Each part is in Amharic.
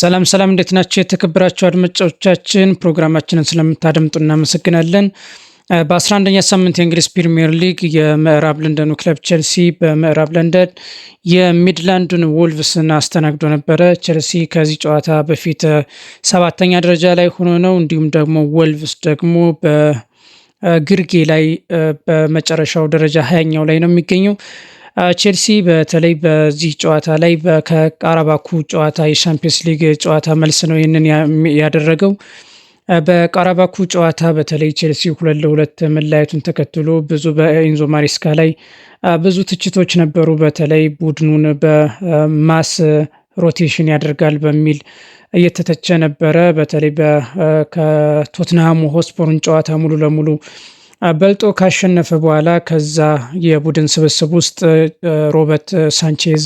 ሰላም ሰላም፣ እንዴት ናቸው የተከበራቸው አድማጮቻችን? ፕሮግራማችንን ስለምታደምጡ እናመሰግናለን። በ11ኛ ሳምንት የእንግሊዝ ፕሪምየር ሊግ የምዕራብ ለንደኑ ክለብ ቼልሲ በምዕራብ ለንደን የሚድላንዱን ወልቭስን አስተናግዶ ነበረ። ቼልሲ ከዚህ ጨዋታ በፊት ሰባተኛ ደረጃ ላይ ሆኖ ነው። እንዲሁም ደግሞ ወልቭስ ደግሞ በግርጌ ላይ በመጨረሻው ደረጃ ሀያኛው ላይ ነው የሚገኘው። ቼልሲ በተለይ በዚህ ጨዋታ ላይ ከቃራባኩ ጨዋታ የሻምፒየንስ ሊግ ጨዋታ መልስ ነው ይህንን ያደረገው። በቃራባኩ ጨዋታ በተለይ ቼልሲ ሁለት ለሁለት መለያየቱን ተከትሎ ብዙ በኢንዞ ማሪስካ ላይ ብዙ ትችቶች ነበሩ። በተለይ ቡድኑን በማስ ሮቴሽን ያደርጋል በሚል እየተተቸ ነበረ። በተለይ ከቶትንሃሙ ሆስፖርን ጨዋታ ሙሉ ለሙሉ በልጦ ካሸነፈ በኋላ ከዛ የቡድን ስብስብ ውስጥ ሮበርት ሳንቼዝ፣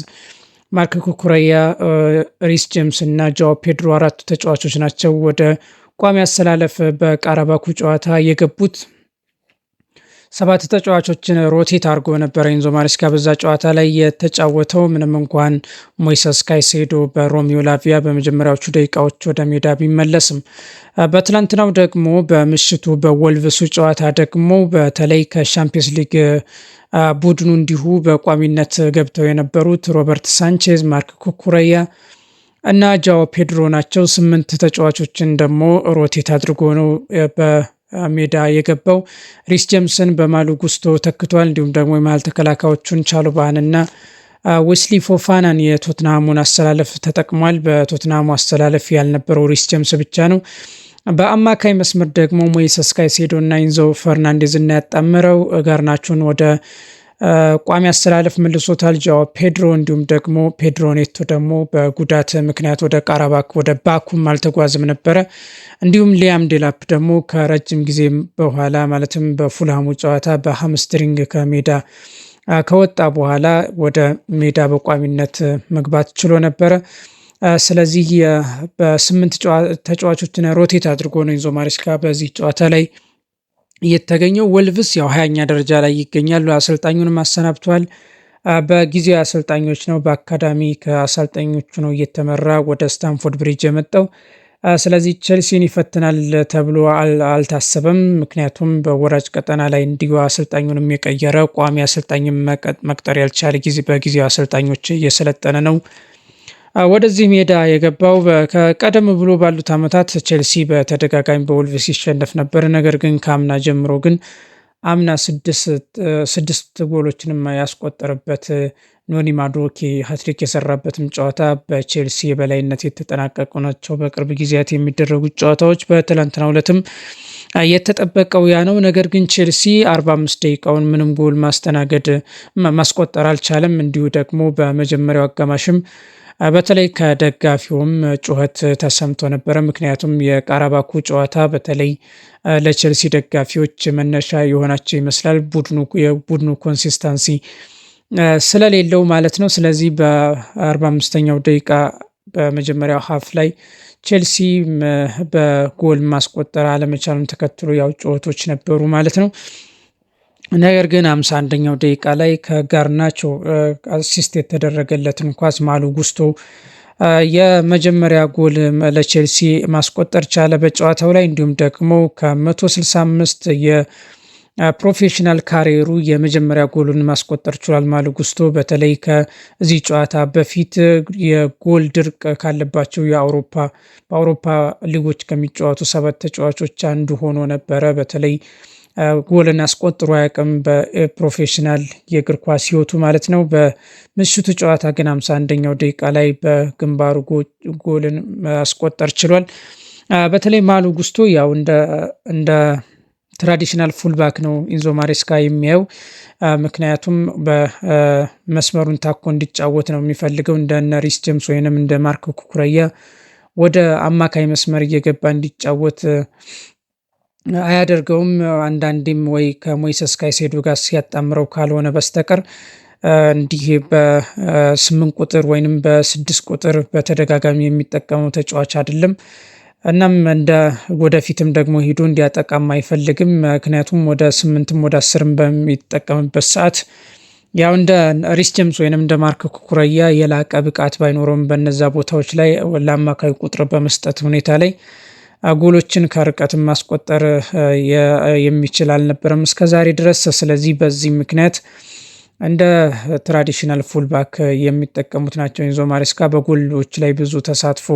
ማርክ ኩኩረያ፣ ሪስ ጄምስ እና ጃዋ ፔድሮ አራቱ ተጫዋቾች ናቸው ወደ ቋሚ አሰላለፍ በቃራባኩ ጨዋታ የገቡት። ሰባት ተጫዋቾችን ሮቴት አድርጎ ነበረ ኢንዞ ማሬስካ በዛ ጨዋታ ላይ የተጫወተው። ምንም እንኳን ሞይሰስ ካይሴዶ በሮሚዮ ላቪያ በመጀመሪያዎቹ ደቂቃዎች ወደ ሜዳ ቢመለስም በትላንትናው ደግሞ በምሽቱ በወልቭሱ ጨዋታ ደግሞ በተለይ ከሻምፒየንስ ሊግ ቡድኑ እንዲሁ በቋሚነት ገብተው የነበሩት ሮበርት ሳንቼዝ፣ ማርክ ኩኩረያ እና ጃዋ ፔድሮ ናቸው። ስምንት ተጫዋቾችን ደግሞ ሮቴት አድርጎ ነው ሜዳ የገባው ሪስ ጀምስን በማሉ ጉስቶ ተክቷል። እንዲሁም ደግሞ የመሀል ተከላካዮቹን ቻሉባህንና ዌስሊ ፎፋናን የቶትናሙን አሰላለፍ ተጠቅሟል። በቶትናሙ አሰላለፍ ያልነበረው ሪስ ጀምስ ብቻ ነው። በአማካይ መስመር ደግሞ ሞይሰስ እና ኢንዞ ፈርናንዴዝና ያጣምረው ጋርናቾን ወደ ቋሚ አሰላለፍ መልሶታል። ጃዋ ፔድሮ እንዲሁም ደግሞ ፔድሮ ኔቶ ደግሞ በጉዳት ምክንያት ወደ ቃራባክ ወደ ባኩም አልተጓዝም ነበረ። እንዲሁም ሊያም ዴላፕ ደግሞ ከረጅም ጊዜ በኋላ ማለትም በፉልሃሙ ጨዋታ በሀምስትሪንግ ከሜዳ ከወጣ በኋላ ወደ ሜዳ በቋሚነት መግባት ችሎ ነበረ። ስለዚህ በስምንት ተጫዋቾችን ሮቴት አድርጎ ነው ኢንዞ ማሪስካ በዚህ ጨዋታ ላይ የተገኘው ወልቭስ ያው ሀያኛ ደረጃ ላይ ይገኛሉ። አሰልጣኙንም አሰናብቷል። በጊዜያዊ አሰልጣኞች ነው፣ በአካዳሚ ከአሰልጣኞቹ ነው እየተመራ ወደ ስታንፎርድ ብሪጅ የመጣው። ስለዚህ ቼልሲን ይፈትናል ተብሎ አልታሰበም። ምክንያቱም በወራጅ ቀጠና ላይ እንዲሁ አሰልጣኙንም የቀየረ ቋሚ አሰልጣኝ መቅጠር ያልቻለ በጊዜያዊ አሰልጣኞች እየሰለጠነ ነው። ወደዚህ ሜዳ የገባው ከቀደም ብሎ ባሉት ዓመታት ቼልሲ በተደጋጋሚ በወልቭ ሲሸነፍ ነበር። ነገር ግን ከአምና ጀምሮ ግን አምና ስድስት ጎሎችንም ያስቆጠረበት ኖኒ ማዱኬ ሀትሪክ የሰራበትም ጨዋታ በቼልሲ የበላይነት የተጠናቀቁ ናቸው። በቅርብ ጊዜያት የሚደረጉት ጨዋታዎች በትላንትናው ዕለትም የተጠበቀው ያ ነው። ነገር ግን ቼልሲ 45 ደቂቃውን ምንም ጎል ማስተናገድ ማስቆጠር አልቻለም። እንዲሁ ደግሞ በመጀመሪያው አጋማሽም በተለይ ከደጋፊውም ጩኸት ተሰምቶ ነበረ። ምክንያቱም የቃራባኩ ጨዋታ በተለይ ለቼልሲ ደጋፊዎች መነሻ የሆናቸው ይመስላል የቡድኑ ኮንሲስታንሲ ስለሌለው ማለት ነው። ስለዚህ በ45ኛው ደቂቃ በመጀመሪያው ሀፍ ላይ ቼልሲ በጎል ማስቆጠር አለመቻሉን ተከትሎ ያው ጨዋታዎች ነበሩ ማለት ነው። ነገር ግን አምሳ አንደኛው ደቂቃ ላይ ከጋርናቾ አሲስት የተደረገለትን ኳስ ማሉ ጉስቶ የመጀመሪያ ጎል ለቼልሲ ማስቆጠር ቻለ በጨዋታው ላይ። እንዲሁም ደግሞ ከ165 ፕሮፌሽናል ካሪየሩ የመጀመሪያ ጎሉን ማስቆጠር ችሏል። ጉስቶ በተለይ ከዚህ ጨዋታ በፊት የጎል ድርቅ ካለባቸው የአውሮፓ በአውሮፓ ሊጎች ከሚጫወቱ ሰባት ተጫዋቾች አንዱ ሆኖ ነበረ። በተለይ ጎልን አስቆጥሮ አያውቅም በፕሮፌሽናል የእግር ኳስ ህይወቱ ማለት ነው። በምሽቱ ጨዋታ ግን አምሳ አንደኛው ደቂቃ ላይ በግንባሩ ጎልን ማስቆጠር ችሏል። በተለይ ማሉ ጉስቶ ያው እንደ ትራዲሽናል ፉልባክ ነው ኢንዞ ማሬስካ የሚያየው። ምክንያቱም በመስመሩን ታኮ እንዲጫወት ነው የሚፈልገው። እንደነ ሪስ ጀምስ ወይንም እንደ ማርክ ኩኩረያ ወደ አማካይ መስመር እየገባ እንዲጫወት አያደርገውም። አንዳንዴም ወይ ከሞይሰስ ካይሴዶ ጋር ሲያጣምረው ካልሆነ በስተቀር እንዲህ በስምንት ቁጥር ወይንም በስድስት ቁጥር በተደጋጋሚ የሚጠቀመው ተጫዋች አይደለም። እናም እንደ ወደፊትም ደግሞ ሂዶ እንዲያጠቃም አይፈልግም። ምክንያቱም ወደ ስምንትም ወደ አስርም በሚጠቀምበት ሰዓት ያው እንደ ሪስ ጀምስ ወይንም እንደ ማርክ ኩኩረያ የላቀ ብቃት ባይኖረውም በነዛ ቦታዎች ላይ ለአማካይ ቁጥር በመስጠት ሁኔታ ላይ ጎሎችን ከርቀት ማስቆጠር የሚችል አልነበረም እስከዛሬ ድረስ። ስለዚህ በዚህ ምክንያት እንደ ትራዲሽናል ፉልባክ የሚጠቀሙት ናቸው። ኢንዞ ማሬስካ በጎሎች ላይ ብዙ ተሳትፎ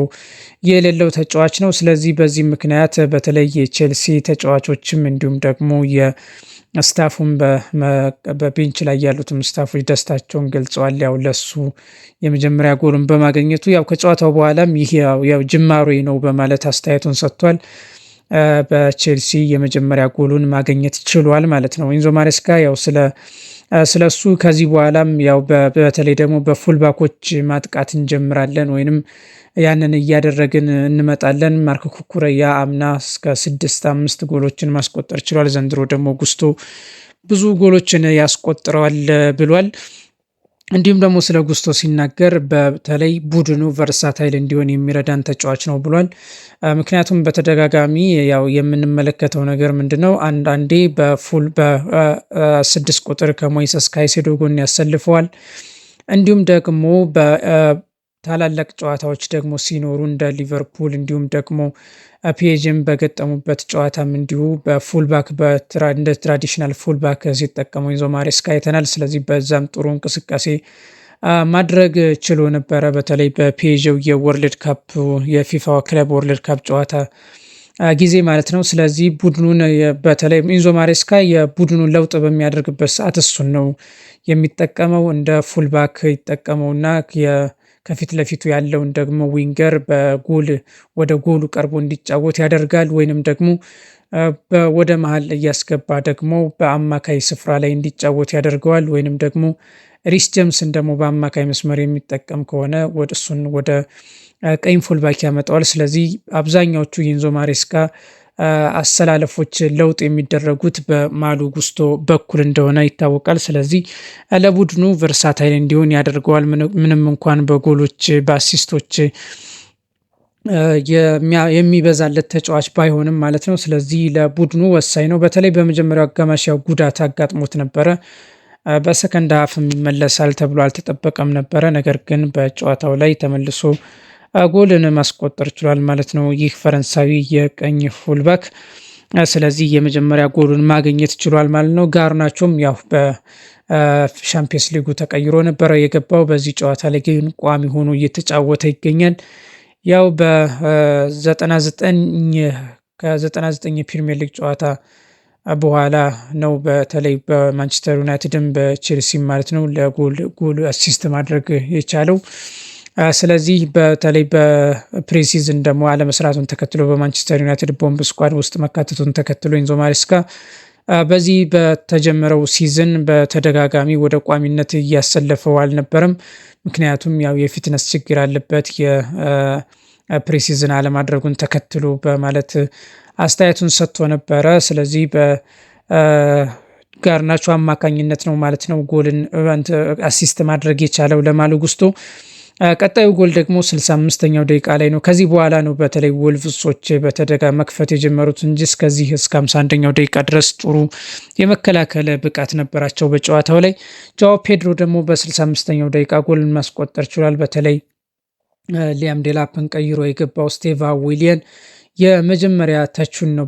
የሌለው ተጫዋች ነው። ስለዚህ በዚህ ምክንያት በተለይ የቼልሲ ተጫዋቾችም እንዲሁም ደግሞ የስታፉም በቤንች ላይ ያሉትም ስታፎች ደስታቸውን ገልጸዋል። ያው ለሱ የመጀመሪያ ጎሉን በማገኘቱ ያው ከጨዋታው በኋላም ይህ ያው ጅማሬ ነው በማለት አስተያየቱን ሰጥቷል። በቼልሲ የመጀመሪያ ጎሉን ማገኘት ችሏል ማለት ነው። ኢንዞ ማሬስካ ያው ስለ ስለሱ ከዚህ በኋላም ያው በተለይ ደግሞ በፉል ባኮች ማጥቃት እንጀምራለን ወይንም ያንን እያደረግን እንመጣለን። ማርክ ኩኩረያ አምና እስከ ስድስት አምስት ጎሎችን ማስቆጠር ችሏል። ዘንድሮ ደግሞ ጉስቶ ብዙ ጎሎችን ያስቆጥረዋል ብሏል። እንዲሁም ደግሞ ስለ ጉስቶ ሲናገር በተለይ ቡድኑ ቨርሳታይል እንዲሆን የሚረዳን ተጫዋች ነው ብሏል። ምክንያቱም በተደጋጋሚ ያው የምንመለከተው ነገር ምንድነው፣ አንዳንዴ በፉል በስድስት ቁጥር ከሞይሰስ ካይሴዶ ጎን ያሰልፈዋል። እንዲሁም ደግሞ በታላላቅ ጨዋታዎች ደግሞ ሲኖሩ እንደ ሊቨርፑል እንዲሁም ደግሞ ፒኤጅም በገጠሙበት ጨዋታም እንዲሁ በፉልባክ እንደ ትራዲሽናል ፉልባክ ሲጠቀሙ ይዞ ማሬስካ አይተናል። ስለዚህ በዛም ጥሩ እንቅስቃሴ ማድረግ ችሎ ነበረ። በተለይ በፒኤጅው የወርልድ ካፕ የፊፋ ክለብ ወርልድ ካፕ ጨዋታ ጊዜ ማለት ነው። ስለዚህ ቡድኑን በተለይ ኢንዞ ማሬስካ የቡድኑን ለውጥ በሚያደርግበት ሰዓት እሱን ነው የሚጠቀመው እንደ ፉልባክ ይጠቀመውና ከፊት ለፊቱ ያለውን ደግሞ ዊንገር በጎል ወደ ጎሉ ቀርቦ እንዲጫወት ያደርጋል። ወይንም ደግሞ ወደ መሀል እያስገባ ደግሞ በአማካይ ስፍራ ላይ እንዲጫወት ያደርገዋል። ወይንም ደግሞ ሪስ ጀምስን ደግሞ በአማካይ መስመር የሚጠቀም ከሆነ ወደ እሱን ወደ ቀኝ ፉልባክ ያመጣዋል። ስለዚህ አብዛኛዎቹ የኤንዞ ማሬስካ አሰላለፎች ለውጥ የሚደረጉት በማሉ ጉስቶ በኩል እንደሆነ ይታወቃል። ስለዚህ ለቡድኑ ቨርሳታይል እንዲሆን ያደርገዋል። ምንም እንኳን በጎሎች በአሲስቶች የሚበዛለት ተጫዋች ባይሆንም ማለት ነው። ስለዚህ ለቡድኑ ወሳኝ ነው። በተለይ በመጀመሪያው አጋማሽ ያው ጉዳት አጋጥሞት ነበረ። በሰከንድ ሀፍም ይመለሳል ተብሎ አልተጠበቀም ነበረ። ነገር ግን በጨዋታው ላይ ተመልሶ ጎልን ማስቆጠር ችሏል ማለት ነው ይህ ፈረንሳዊ የቀኝ ፉልባክ። ስለዚህ የመጀመሪያ ጎሉን ማግኘት ችሏል ማለት ነው። ጋርናቾም ያው በሻምፒየንስ ሊጉ ተቀይሮ ነበረ የገባው። በዚህ ጨዋታ ላይ ግን ቋሚ ሆኖ እየተጫወተ ይገኛል። ያው በ99 ከ99 ፕሪሚየር ሊግ ጨዋታ በኋላ ነው በተለይ በማንቸስተር ዩናይትድም በቼልሲም ማለት ነው ለጎል ጎል አሲስት ማድረግ የቻለው። ስለዚህ በተለይ በፕሪሲዝን ደግሞ አለመስራቱን ተከትሎ በማንቸስተር ዩናይትድ ቦምብ ስኳድ ውስጥ መካተቱን ተከትሎ ኢንዞ ማሪስካ በዚህ በተጀመረው ሲዝን በተደጋጋሚ ወደ ቋሚነት እያሰለፈው አልነበረም። ምክንያቱም ያው የፊትነስ ችግር አለበት የፕሪሲዝን አለማድረጉን ተከትሎ በማለት አስተያየቱን ሰጥቶ ነበረ። ስለዚህ በጋርናቾ አማካኝነት ነው ማለት ነው ጎልን አሲስት ማድረግ የቻለው ለማሉ ጉስቶ ቀጣዩ ጎል ደግሞ 65ኛው ደቂቃ ላይ ነው። ከዚህ በኋላ ነው በተለይ ወልቭሶች በተደጋ መክፈት የጀመሩት እንጂ እስከዚህ እስከ 51ኛው ደቂቃ ድረስ ጥሩ የመከላከል ብቃት ነበራቸው በጨዋታው ላይ። ጃዋ ፔድሮ ደግሞ በ65ኛው ደቂቃ ጎል ማስቆጠር ችሏል። በተለይ ሊያም ዴላፕን ቀይሮ የገባው ስቴቫ ዊሊየን የመጀመሪያ ተቹን ነው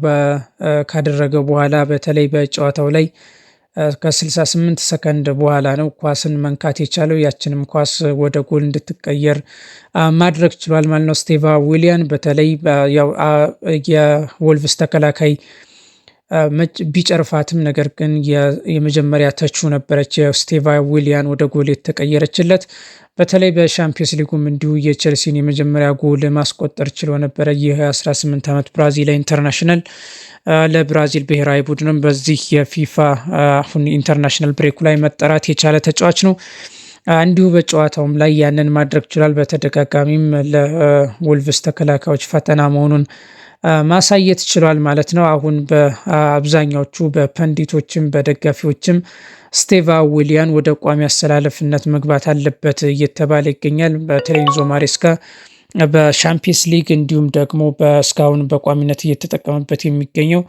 ካደረገ በኋላ በተለይ በጨዋታው ላይ ከ68 ሰከንድ በኋላ ነው ኳስን መንካት የቻለው። ያችንም ኳስ ወደ ጎል እንድትቀየር ማድረግ ችሏል ማለት ነው። ስቴቫ ዊሊያን በተለይ የወልቭስ ተከላካይ ቢጨርፋትም ነገር ግን የመጀመሪያ ተቹ ነበረች የስቴቫ ዊሊያን ወደ ጎል የተቀየረችለት። በተለይ በሻምፒዮንስ ሊጉም እንዲሁ የቼልሲን የመጀመሪያ ጎል ማስቆጠር ችሎ ነበረ። ይህ 18 ዓመት ብራዚል ኢንተርናሽናል ለብራዚል ብሔራዊ ቡድንም በዚህ የፊፋ አሁን ኢንተርናሽናል ብሬኩ ላይ መጠራት የቻለ ተጫዋች ነው። እንዲሁ በጨዋታውም ላይ ያንን ማድረግ ችሏል። በተደጋጋሚም ለወልቭስ ተከላካዮች ፈተና መሆኑን ማሳየት ችሏል ማለት ነው። አሁን በአብዛኛዎቹ በፐንዲቶችም በደጋፊዎችም ስቴቫ ዊሊያን ወደ ቋሚ አሰላለፍነት መግባት አለበት እየተባለ ይገኛል። በተለይ ኢንዞ ማሬስካ በሻምፒየንስ ሊግ እንዲሁም ደግሞ እስካሁን በቋሚነት እየተጠቀመበት የሚገኘው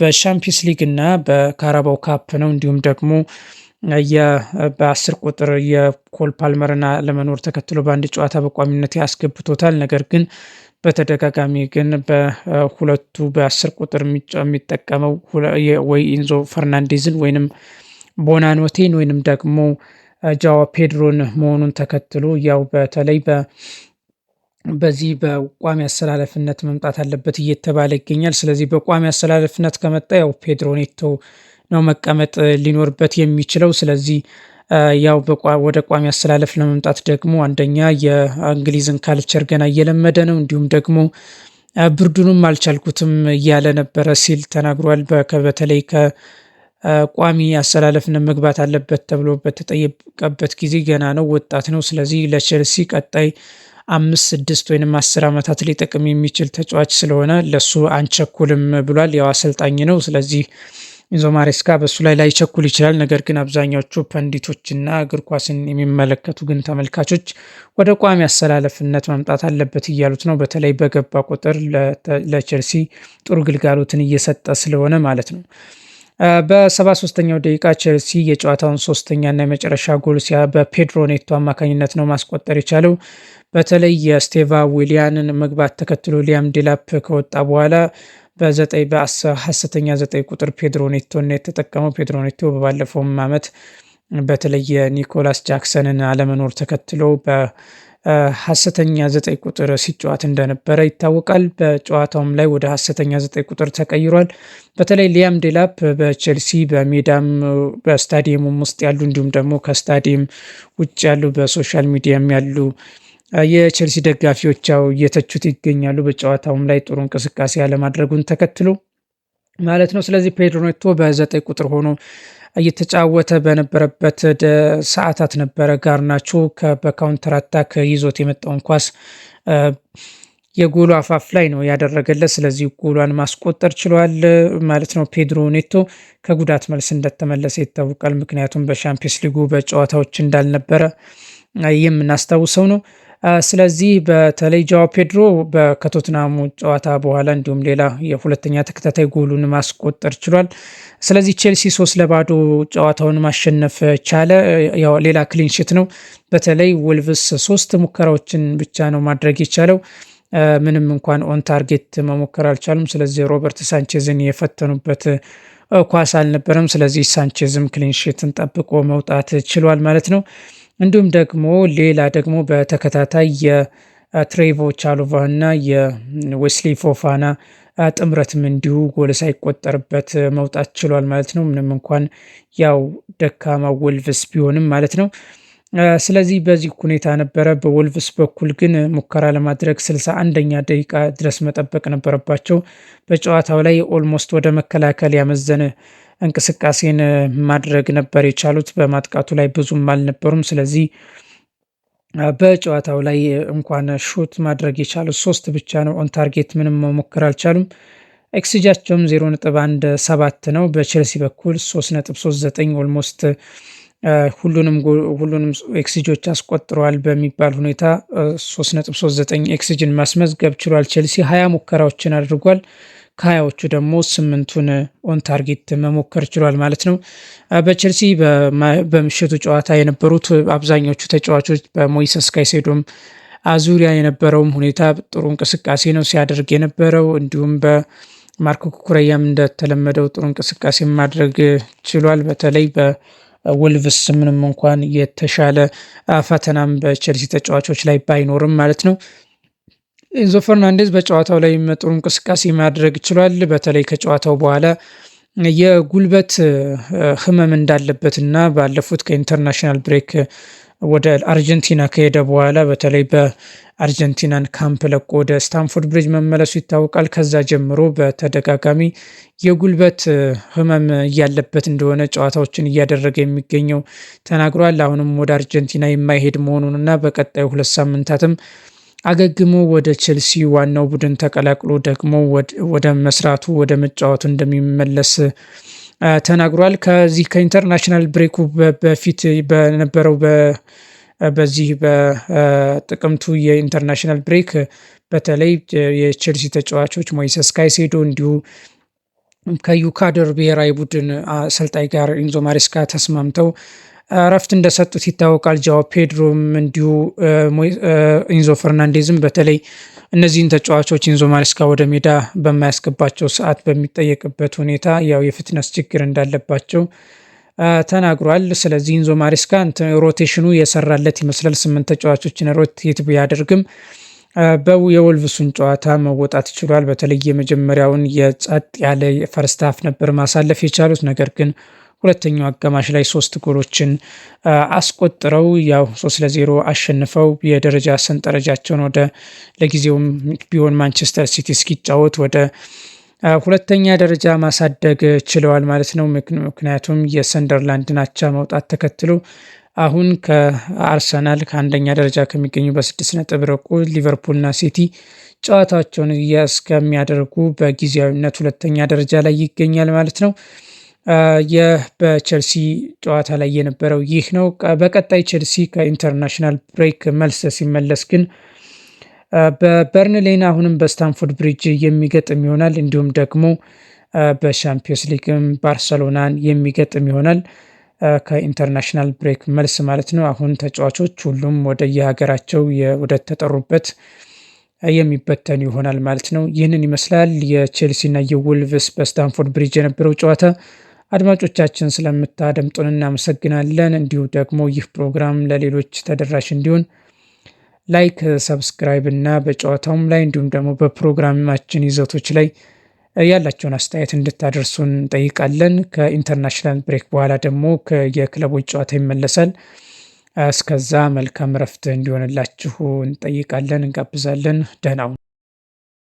በሻምፒየንስ ሊግ እና በካራባው ካፕ ነው። እንዲሁም ደግሞ በአስር ቁጥር የኮል ፓልመርና ለመኖር ተከትሎ በአንድ ጨዋታ በቋሚነት ያስገብቶታል። ነገር ግን በተደጋጋሚ ግን በሁለቱ በአስር ቁጥር የሚጠቀመው ወይ ኢንዞ ፈርናንዴዝን ወይንም ቦናኖቴን ወይንም ደግሞ ጃዋ ፔድሮን መሆኑን ተከትሎ ያው በተለይ በዚህ በቋሚ አሰላለፍነት መምጣት አለበት እየተባለ ይገኛል። ስለዚህ በቋሚ አሰላለፍነት ከመጣ ያው ፔድሮ ኔቶ ነው መቀመጥ ሊኖርበት የሚችለው። ስለዚህ ያው ወደ ቋሚ አሰላለፍ ለመምጣት ደግሞ አንደኛ የእንግሊዝን ካልቸር ገና እየለመደ ነው፣ እንዲሁም ደግሞ ብርዱንም አልቻልኩትም እያለ ነበረ ሲል ተናግሯል። በተለይ ከቋሚ አሰላለፍን መግባት አለበት ተብሎ በተጠየቀበት ጊዜ ገና ነው፣ ወጣት ነው። ስለዚህ ለቼልሲ ቀጣይ አምስት ስድስት ወይም አስር ዓመታት ሊጠቅም የሚችል ተጫዋች ስለሆነ ለሱ አንቸኩልም ብሏል። ያው አሰልጣኝ ነው። ስለዚህ ኢንዞ ማሬስካ በእሱ ላይ ላይቸኩል ይችላል። ነገር ግን አብዛኛዎቹ ፐንዲቶችና እግር ኳስን የሚመለከቱ ግን ተመልካቾች ወደ ቋሚ አሰላለፍነት መምጣት አለበት እያሉት ነው። በተለይ በገባ ቁጥር ለቼልሲ ጥሩ ግልጋሎትን እየሰጠ ስለሆነ ማለት ነው። በሰባ ሶስተኛው ደቂቃ ቼልሲ የጨዋታውን ሶስተኛና የመጨረሻ ጎል ሲያ በፔድሮ ኔቶ አማካኝነት ነው ማስቆጠር የቻለው። በተለይ የስቴቫ ዊሊያንን መግባት ተከትሎ ሊያም ዴላፕ ከወጣ በኋላ በ በአስር ሐሰተኛ 9 ቁጥር ፔድሮኔቶን የተጠቀመው ፔድሮኔቶ በባለፈውም ዓመት በተለየ የኒኮላስ ጃክሰንን አለመኖር ተከትሎ በሀሰተኛ ዘጠኝ ቁጥር ሲጫወት እንደነበረ ይታወቃል። በጨዋታውም ላይ ወደ ሐሰተኛ 9 ቁጥር ተቀይሯል። በተለይ ሊያም ዴላፕ በቼልሲ በሜዳም በስታዲየሙም ውስጥ ያሉ እንዲሁም ደግሞ ከስታዲየም ውጭ ያሉ በሶሻል ሚዲያም ያሉ የቼልሲ ደጋፊዎች ያው እየተቹት ይገኛሉ። በጨዋታውም ላይ ጥሩ እንቅስቃሴ ያለማድረጉን ተከትሎ ማለት ነው። ስለዚህ ፔድሮ ኔቶ በዘጠኝ ቁጥር ሆኖ እየተጫወተ በነበረበት ሰዓታት ነበረ ጋርናቾ በካውንተር አታክ ይዞት የመጣውን ኳስ የጎሉ አፋፍ ላይ ነው ያደረገለት። ስለዚህ ጎሏን ማስቆጠር ችሏል ማለት ነው። ፔድሮ ኔቶ ከጉዳት መልስ እንደተመለሰ ይታወቃል። ምክንያቱም በሻምፒየንስ ሊጉ በጨዋታዎች እንዳልነበረ የምናስታውሰው ነው። ስለዚህ በተለይ ጃዋ ፔድሮ ከቶትናሙ ጨዋታ በኋላ እንዲሁም ሌላ የሁለተኛ ተከታታይ ጎሉን ማስቆጠር ችሏል። ስለዚህ ቼልሲ ሶስት ለባዶ ጨዋታውን ማሸነፍ ቻለ። ሌላ ክሊንሽት ነው። በተለይ ወልቭስ ሶስት ሙከራዎችን ብቻ ነው ማድረግ የቻለው። ምንም እንኳን ኦን ታርጌት መሞከር አልቻሉም። ስለዚህ ሮበርት ሳንቼዝን የፈተኑበት ኳስ አልነበረም። ስለዚህ ሳንቼዝም ክሊንሽትን ጠብቆ መውጣት ችሏል ማለት ነው። እንዲሁም ደግሞ ሌላ ደግሞ በተከታታይ የትሬቮ እና የዌስሊ ፎፋና ጥምረትም እንዲሁ ጎል ሳይቆጠርበት መውጣት ችሏል ማለት ነው። ምንም እንኳን ያው ደካማ ወልቭስ ቢሆንም ማለት ነው። ስለዚህ በዚህ ሁኔታ ነበረ። በወልቭስ በኩል ግን ሙከራ ለማድረግ ስልሳ አንደኛ ደቂቃ ድረስ መጠበቅ ነበረባቸው። በጨዋታው ላይ ኦልሞስት ወደ መከላከል ያመዘነ እንቅስቃሴን ማድረግ ነበር የቻሉት። በማጥቃቱ ላይ ብዙም አልነበሩም። ስለዚህ በጨዋታው ላይ እንኳን ሹት ማድረግ የቻሉት ሶስት ብቻ ነው። ኦን ታርጌት ምንም መሞከር አልቻሉም። ኤክስጃቸውም 0.17 ነው። በቼልሲ በኩል 3.39 ኦልሞስት ሁሉንም ሁሉንም ኤክስጂዎች አስቆጥረዋል በሚባል ሁኔታ 3.39 ኤክስጂን ማስመዝገብ ችሏል። ቼልሲ ሀያ ሙከራዎችን አድርጓል። ከሀያዎቹ ደግሞ ስምንቱን ኦን ታርጌት መሞከር ችሏል ማለት ነው። በቼልሲ በምሽቱ ጨዋታ የነበሩት አብዛኞቹ ተጫዋቾች በሞይሰስ ካይሴዶም ዙሪያ የነበረውም ሁኔታ ጥሩ እንቅስቃሴ ነው ሲያደርግ የነበረው እንዲሁም በማርኮ ኩኩረያም እንደተለመደው ጥሩ እንቅስቃሴ ማድረግ ችሏል። በተለይ በውልቭስ ምንም እንኳን የተሻለ ፈተናም በቼልሲ ተጫዋቾች ላይ ባይኖርም ማለት ነው ኤንዞ ፈርናንዴዝ በጨዋታው ላይ ጥሩ እንቅስቃሴ ማድረግ ችሏል። በተለይ ከጨዋታው በኋላ የጉልበት ህመም እንዳለበትና ባለፉት ከኢንተርናሽናል ብሬክ ወደ አርጀንቲና ከሄደ በኋላ በተለይ በአርጀንቲናን ካምፕ ለቆ ወደ ስታንፎርድ ብሪጅ መመለሱ ይታወቃል። ከዛ ጀምሮ በተደጋጋሚ የጉልበት ህመም እያለበት እንደሆነ ጨዋታዎችን እያደረገ የሚገኘው ተናግሯል። አሁንም ወደ አርጀንቲና የማይሄድ መሆኑንና በቀጣዩ ሁለት ሳምንታትም አገግሞ ወደ ቼልሲ ዋናው ቡድን ተቀላቅሎ ደግሞ ወደ መስራቱ ወደ መጫወቱ እንደሚመለስ ተናግሯል። ከዚህ ከኢንተርናሽናል ብሬኩ በፊት በነበረው በዚህ በጥቅምቱ የኢንተርናሽናል ብሬክ በተለይ የቼልሲ ተጫዋቾች ሞይሰስ ካይሴዶ እንዲሁ ከዩካደር ብሔራዊ ቡድን አሰልጣኝ ጋር ኢንዞ ማሬስካ ተስማምተው እረፍት እንደሰጡት ይታወቃል። ጃዋ ፔድሮም እንዲሁ ኢንዞ ፈርናንዴዝም በተለይ እነዚህን ተጫዋቾች ኢንዞ ማሬስካ ወደ ሜዳ በማያስገባቸው ሰዓት በሚጠየቅበት ሁኔታ ያው የፍትነስ ችግር እንዳለባቸው ተናግሯል። ስለዚህ ኢንዞ ማሬስካ ሮቴሽኑ የሰራለት ይመስላል። ስምንት ተጫዋቾችን ሮቴት ቢያደርግም የወልቭሱን ጨዋታ መወጣት ችሏል በተለይ የመጀመሪያውን የጸጥ ያለ ፈርስት ነበር ማሳለፍ የቻሉት ነገር ግን ሁለተኛው አጋማሽ ላይ ሶስት ጎሎችን አስቆጥረው ያው ሶስት ለዜሮ አሸንፈው የደረጃ ሰንጠረጃቸውን ወደ ለጊዜውም ቢሆን ማንቸስተር ሲቲ እስኪጫወት ወደ ሁለተኛ ደረጃ ማሳደግ ችለዋል ማለት ነው። ምክንያቱም የሰንደርላንድ ናቻ መውጣት ተከትሎ አሁን ከአርሰናል ከአንደኛ ደረጃ ከሚገኙ በስድስት ነጥብ ርቆ ሊቨርፑልና ሲቲ ጨዋታቸውን እስከሚያደርጉ በጊዜያዊነት ሁለተኛ ደረጃ ላይ ይገኛል ማለት ነው። በቸልሲ ጨዋታ ላይ የነበረው ይህ ነው። በቀጣይ ቸልሲ ከኢንተርናሽናል ብሬክ መልስ ሲመለስ ግን በበርንሌን አሁንም በስታንፎርድ ብሪጅ የሚገጥም ይሆናል። እንዲሁም ደግሞ በሻምፒዮንስ ሊግም ባርሰሎናን የሚገጥም ይሆናል። ከኢንተርናሽናል ብሬክ መልስ ማለት ነው። አሁን ተጫዋቾች ሁሉም ወደ የሀገራቸው ወደ ተጠሩበት የሚበተኑ ይሆናል ማለት ነው። ይህንን ይመስላል የቼልሲና የውልቭስ በስታንፎርድ ብሪጅ የነበረው ጨዋታ። አድማጮቻችን ስለምታደምጡን እናመሰግናለን። እንዲሁም ደግሞ ይህ ፕሮግራም ለሌሎች ተደራሽ እንዲሆን ላይክ፣ ሰብስክራይብ እና በጨዋታውም ላይ እንዲሁም ደግሞ በፕሮግራማችን ይዘቶች ላይ ያላቸውን አስተያየት እንድታደርሱን እንጠይቃለን። ከኢንተርናሽናል ብሬክ በኋላ ደግሞ የክለቦች ጨዋታ ይመለሳል። እስከዛ መልካም እረፍት እንዲሆንላችሁ እንጠይቃለን፣ እንጋብዛለን። ደህናው